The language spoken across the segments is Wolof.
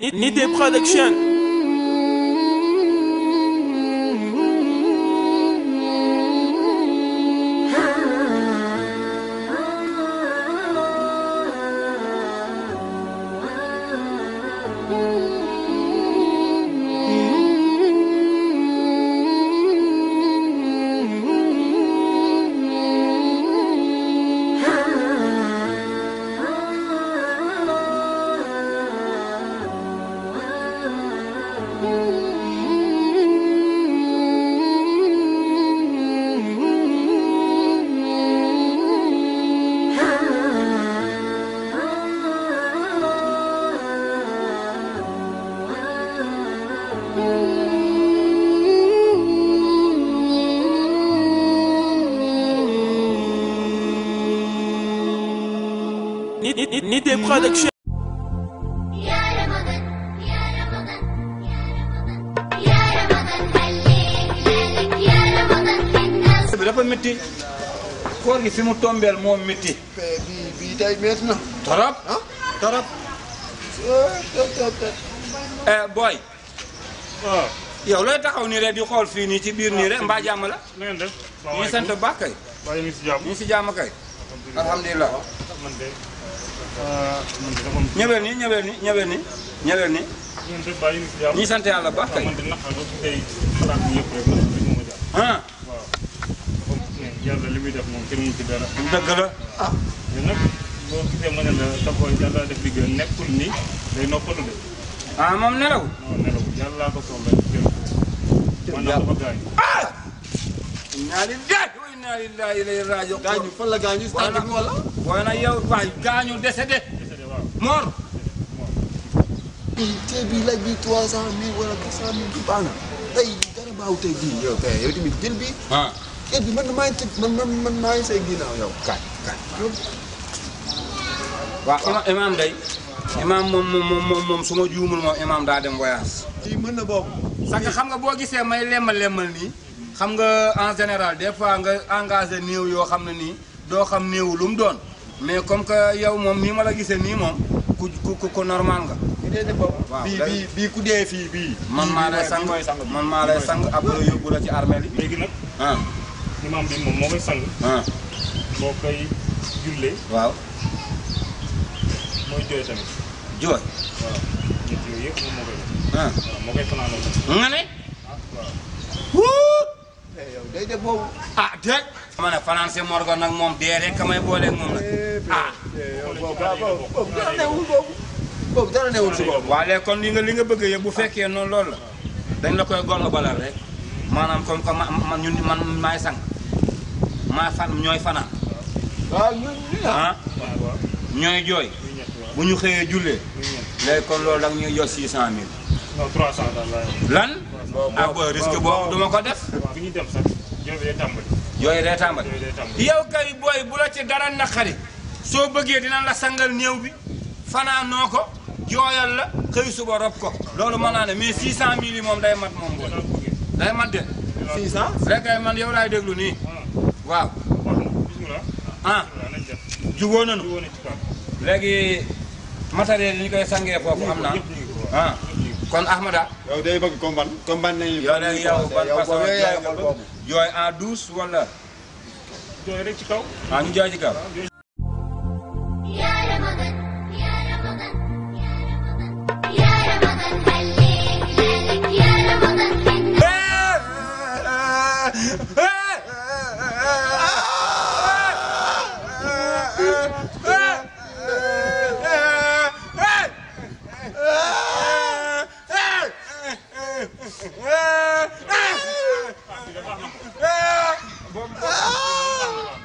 des Production Need a production. dafa métti koor gi fi mu tombeel moom métti. bii bii tey métti na. Ah? Eh, eh, booy. Ah. yow looy taxaw nii rek di xool fii nii ci biir nii rek ah, mbaa jàmm la. na ngeen def ñu ngi sant bu baax kay. waaye ñu ngi si jàmm ñu ngi si jàmm kay. alhamdulilah ñëwee nii ñëwee nii ñëwee nii ñëwee sant yàlla bu baax kay. yàlla li muy def moom kenn mu ci dara. dëgg la ah. ñun nag boo gisee ma ne la taxaw yàlla def liggéey nekkul ni day noppalu de. ah moom nelaw. non nelaw yàlla ko soxla jërëjëf. man la sama gaañ. ah. inna lillahi wa inna ilayhi raaji'uun. gaañu fan la gaañu. standing wala. waaye nag yow waay gaañu décédé. décédé waaw mort. tey bii laaj bi trois cent mille wala quatre cent mille du baax na tey dara baaxu tey jii yow tey yow tamit jël bi. Ah. kër bi man maa ngi tëj man man man waaw imaam imaam ma juumul moom imaam daa dem voyage. kii mën na bokk. parce que xam nga boo gisee may lemal lemal nii. xam nga en général des fois nga engagé néew yoo xam ne nii doo xam néew lu mu doon. mais comme que yow moom nii ma la gisee nii moom ku ku ku normal nga. waaw bii bii bii ku dee fii bii. man maa lay sang man maa lay sang après yóbbu la léegi nag ah. imaam bi moom moo koy sang. Ah. moo koy waaw. jooy tamit. jooy. waaw ñett yooyu yëpp moom moo koy ah. eh, ah, moom dee rek kamay booleeg moom la eh, eh, ah. boobu kon li nga li nga bëgg yëpp bu fekkee noonu loolu la. dañ la koy gongo balal rek. maanaam comme que ma man sang. maa fan ñooy fanaan ah ñooy jooy bu ñu xëyee jullee léegi kon loolu da ñuy jox six cent mille lan ah booy risque boo duma ko def jooy day tàmbali yow kay booy bu la ci dara naqari soo bëggee dinañ la sangal néew bi fanaanoo ko jooyal la xëy suba rob ko loolu mën naa ne mais six cent mille yi moom day mat moom booy day mat de six cent rek kay man yow laay déglu nii waaw. bisimilah. ah jubóo nañu. léegi matériel yi ñu koy sangee foofu am na ah kon Ahmada. yow day bëgg combat combat nañu. yow nag yow ban façon jooy nga bëgg jooy en douce wala. jooy rek ci kaw. ah ñu jooy ci kaw.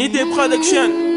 a Production.